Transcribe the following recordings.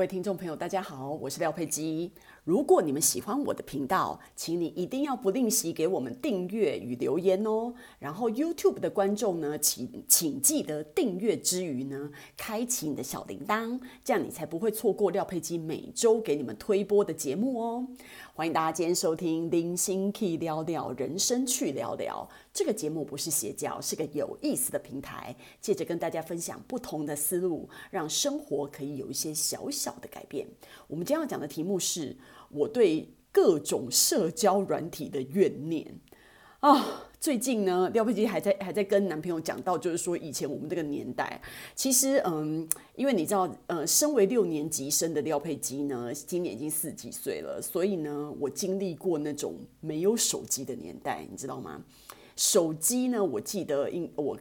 各位聽眾朋友，大家好，我是廖佩基。如果你們喜歡我的頻道，請你一定要不吝惜給我們訂閱與留言哦。然後 YouTube 的觀眾呢，請請記得訂閱之餘呢，開啟你的小鈴鐺，這樣你才不會錯過廖佩基每周給你們推播的節目哦。歡迎大家今天收聽《零星聊聊人生趣聊聊》這個節目不是邪教，是個有意思的平台，借着跟大家分享不同的思路，讓生活可以有一些小小的改變。我們今天要講的題目是：我對各種社交軟體的怨念啊。哦最近呢，廖佩基還在還在跟男朋友講到，就是說以前我們這個年代，其實嗯，因為你知道，呃、嗯，身為六年級生的廖佩基呢，今年已經四幾歲了，所以呢，我經歷過那種沒有手機的年代，你知道嗎？手機呢？我記得，我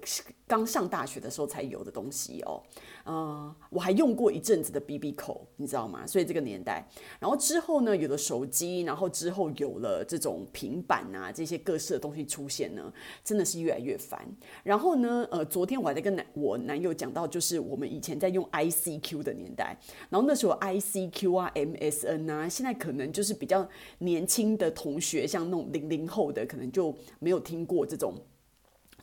剛上大學的時候才有的東西哦。呃，我還用過一陣子的 BB Call，你知道嗎？所以這個年代，然後之後呢，有了手機，然後之後有了這種平板啊，這些各式的東西出現呢，真的是越來越煩。然後呢，呃，昨天我還在跟男我男友講到，就是我們以前在用 ICQ 的年代，然後那時候 ICQ 啊、MSN 啊，現在可能就是比較年輕的同學，像那種零零後的，可能就沒有聽過。這種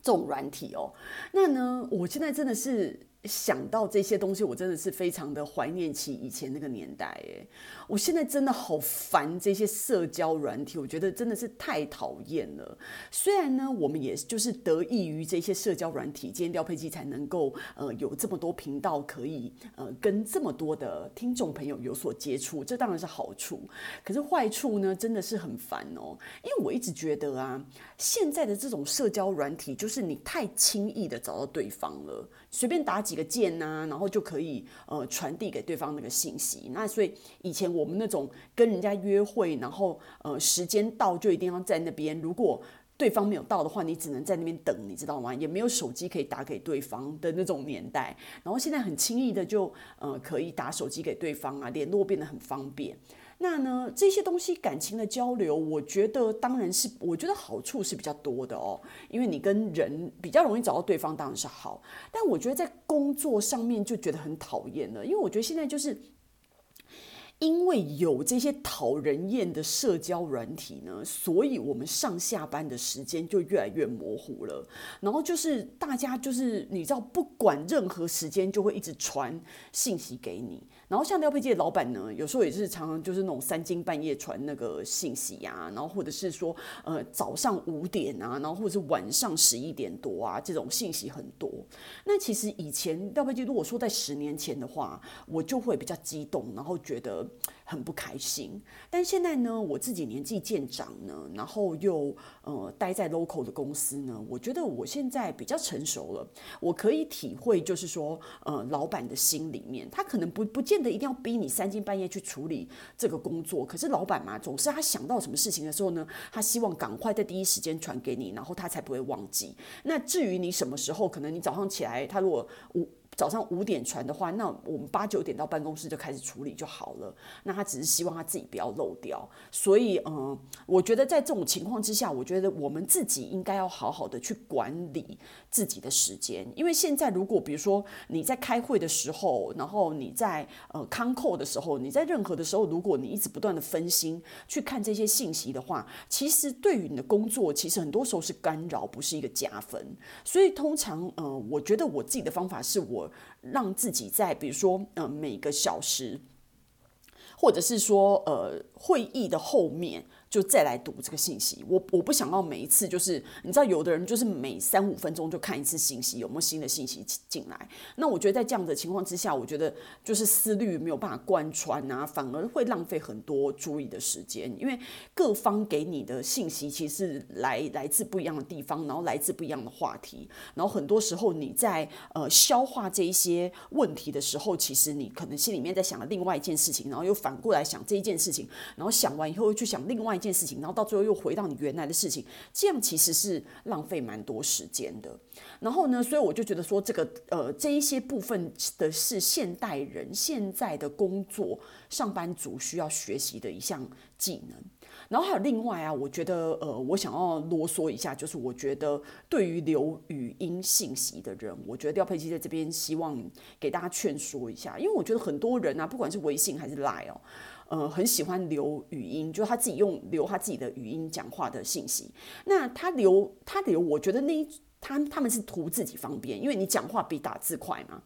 這種軟體哦、喔，那呢，我現在真的是。想到這些東西，我真的是非常的懷念起以前那個年代哎，我現在真的好煩這些社交軟體，我覺得真的是太討厭了。雖然呢，我們也就是得益於這些社交軟體，今天調配機才能夠呃有這麼多頻道可以呃跟這麼多的聽眾朋友有所接觸，這當然是好處。可是壞處呢，真的是很煩哦，因為我一直覺得啊，現在的這種社交軟體，就是你太輕易的找到對方了，隨便打幾。個鍵吶，然後就可以呃傳遞給對方那個信息。那所以以前我們那種跟人家約會，然後呃時間到就一定要在那邊，如果對方沒有到的話，你只能在那邊等，你知道嗎？也沒有手機可以打給對方的那種年代。然後現在很輕易的就呃可以打手機給對方啊，聯絡變得很方便。那呢，這些東西感情的交流，我覺得當然是，我覺得好處是比較多的哦，因為你跟人比較容易找到對方，當然是好。但我覺得在工作上面就覺得很討厭了，因為我覺得現在就是。因為有這些討人厭的社交軟體呢，所以我們上下班的時間就越來越模糊了。然後就是大家就是你知道，不管任何時間就會一直傳信息給你。然後像廖佩杰老板呢，有時候也是常常就是那種三更半夜傳那個信息啊，然後或者是說呃早上五點啊，然後或者是晚上十一點多啊，這種信息很多。那其實以前廖佩杰如果說在十年前的話，我就會比較激動，然後覺得。很不開心，但現在呢，我自己年紀漸長呢，然後又呃待在 local 的公司呢，我覺得我現在比較成熟了，我可以體會，就是說呃老板的心裡面，他可能不不見得一定要逼你三更半夜去處理這個工作，可是老板嘛，總是他想到什麼事情的時候呢，他希望趕快在第一時間傳給你，然後他才不會忘記。那至於你什麼時候，可能你早上起來，他如果早上五點傳的話，那我們八九點到辦公室就開始處理就好了。那他只是希望他自己不要漏掉。所以，嗯、呃，我覺得在這種情況之下，我覺得我們自己應該要好好的去管理自己的時間。因為現在，如果比如說你在開會的時候，然後你在呃康扣的時候，你在任何的時候，如果你一直不斷的分心去看這些信息的話，其實對於你的工作，其實很多時候是干擾，不是一個加分。所以，通常，嗯、呃，我覺得我自己的方法是我。讓自己在，比如說，嗯、呃，每個小時，或者是說，呃，會議的後面，就再來讀這個信息，我我不想要每一次就是，你知道，有的人就是每三五分鐘就看一次信息，有沒有新的信息進來？那我覺得在這樣的情況之下，我覺得就是思慮沒有辦法貫穿啊，反而會浪費很多注意的時間，因為各方給你的信息其實來來自不一樣的地方，然後來自不一樣的話題，然後很多時候你在呃消化這一些問題的時候，其實你可能心裡面在想另外一件事情，然後又反過來想這一件事情，然後想完以後又去想另外一件事情。一件事情，然後到最後，又回到你原來的事情，這樣其實是浪費蠻多時間的。然後呢，所以我就覺得說，這個呃，這一些部分的是現代人現在的工作上班族需要學習的一項技能。然後還有另外啊，我覺得呃，我想要囉嗦一下，就是我覺得對於留語音信息的人，我覺得廖佩琪在這邊希望給大家勸說一下，因為我覺得很多人啊，不管是微信還是 Line 哦。呃，很喜歡留語音，就是他自己用留他自己的語音講話的信息。那他留，他留，我覺得那他他們是圖自己方便，因為你講話比打字快嘛。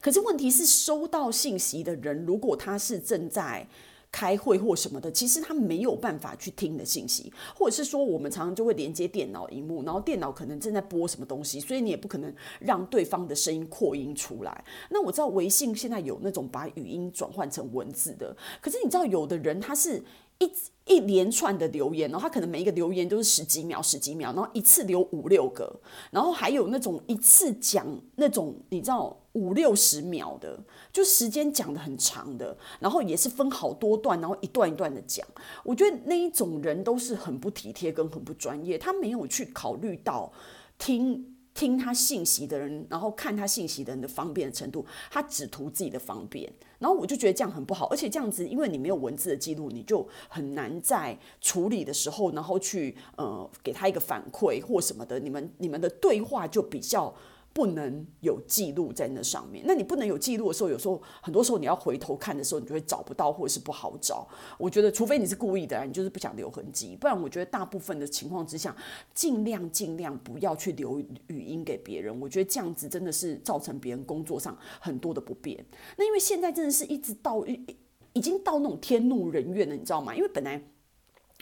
可是問題是，收到信息的人，如果他是正在。開會或什麼的，其實他沒有辦法去聽的信息，或者是說我們常常就會連接電腦螢幕，然後電腦可能正在播什麼東西，所以你也不可能讓對方的聲音擴音出來。那我知道微信現在有那種把語音轉換成文字的，可是你知道有的人他是。一一連串的留言，然後他可能每一個留言都是十幾秒、十幾秒，然後一次留五六個，然後還有那種一次講那種你知道五六十秒的，就時間講得很長的，然後也是分好多段，然後一段一段的講。我覺得那一種人都是很不體貼跟很不專業，他沒有去考慮到聽。聽他信息的人，然後看他信息的人的方便的程度，他只圖自己的方便，然後我就覺得這樣很不好，而且這樣子，因為你沒有文字的記錄，你就很難在處理的時候，然後去呃給他一個反饋或什麼的，你們你們的對話就比較。不能有記錄在那上面，那你不能有記錄的時候，有時候很多時候你要回頭看的時候，你就會找不到或者是不好找。我覺得，除非你是故意的啊，你就是不想留痕跡，不然我覺得大部分的情況之下，盡量盡量不要去留語音給別人。我覺得這樣子真的是造成別人工作上很多的不便。那因為現在真的是一直到已已經到那種天怒人怨了，你知道嗎？因為本來。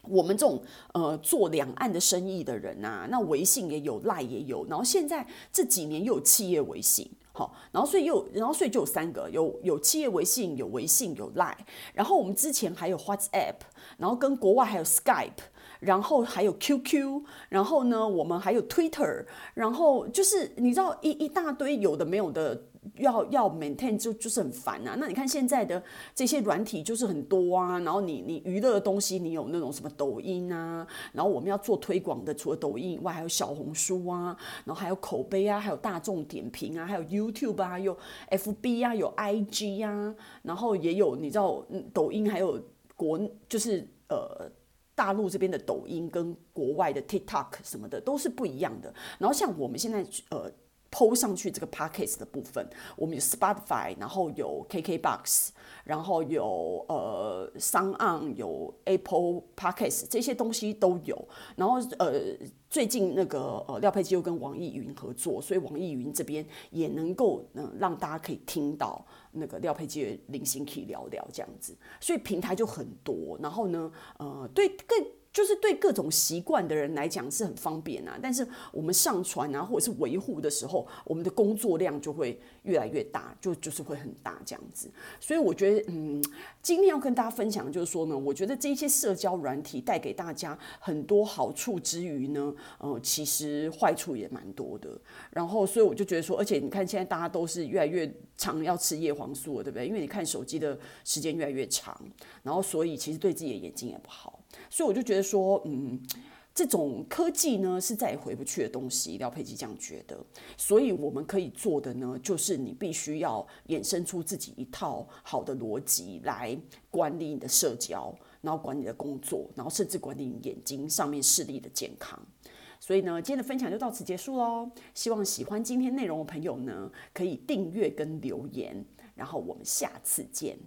我們這種呃做兩岸的生意的人吶、啊，那微信也有，LINE 也有，然後現在這幾年又有企業微信，好，然後所以又，然後所以就有三個，有有企業微信，有微信，有 LINE，然後我們之前還有 WhatsApp，然後跟國外還有 Skype。然後還有 QQ，然後呢，我們還有 Twitter，然後就是你知道一一大堆有的沒有的要，要要 maintain 就就是很煩啊。那你看現在的這些軟體就是很多啊，然後你你娛樂的東西你有那種什麼抖音啊，然後我們要做推廣的，除了抖音以外，還有小紅書啊，然後還有口碑啊，還有大眾點評啊，還有 YouTube 啊，還有 FB 啊，有 IG 啊，然後也有你知道抖音還有國就是呃。大陸這邊的抖音跟國外的 TikTok 什麼的都是不一樣的，然後像我們現在呃。PO 上去這個 Podcast 的部分，我們有 Spotify，然後有 KKBOX，然後有呃 SoundOn 有 Apple Podcast 這些東西都有。然後呃，最近那個呃廖佩琪又跟網易雲合作，所以網易雲這邊也能夠嗯、呃、讓大家可以聽到那個廖佩琪的零星可以聊聊這樣子。所以平台就很多。然後呢，呃，對更。就是對各種習慣的人來講是很方便啊，但是我們上傳啊，或者是維護的時候，我們的工作量就會越來越大，就就是會很大這樣子，所以我覺得，嗯，今天要跟大家分享就是說呢，我覺得這些社交軟體帶給大家很多好處之餘呢，嗯、呃，其實壞處也蠻多的。然後，所以我就覺得說，而且你看現在大家都是越來越常要吃葉黃素了，對不對？因為你看手機的時間越來越長，然後所以其實對自己的眼睛也不好。所以我就覺得說，嗯。這種科技呢是再也回不去的東西，廖佩吉這樣覺得。所以我們可以做的呢，就是你必須要衍生出自己一套好的邏輯來管理你的社交，然後管理你的工作，然後甚至管理你眼睛上面視力的健康。所以呢，今天的分享就到此結束嘍。希望喜歡今天內容的朋友呢，可以訂閱跟留言，然後我們下次見。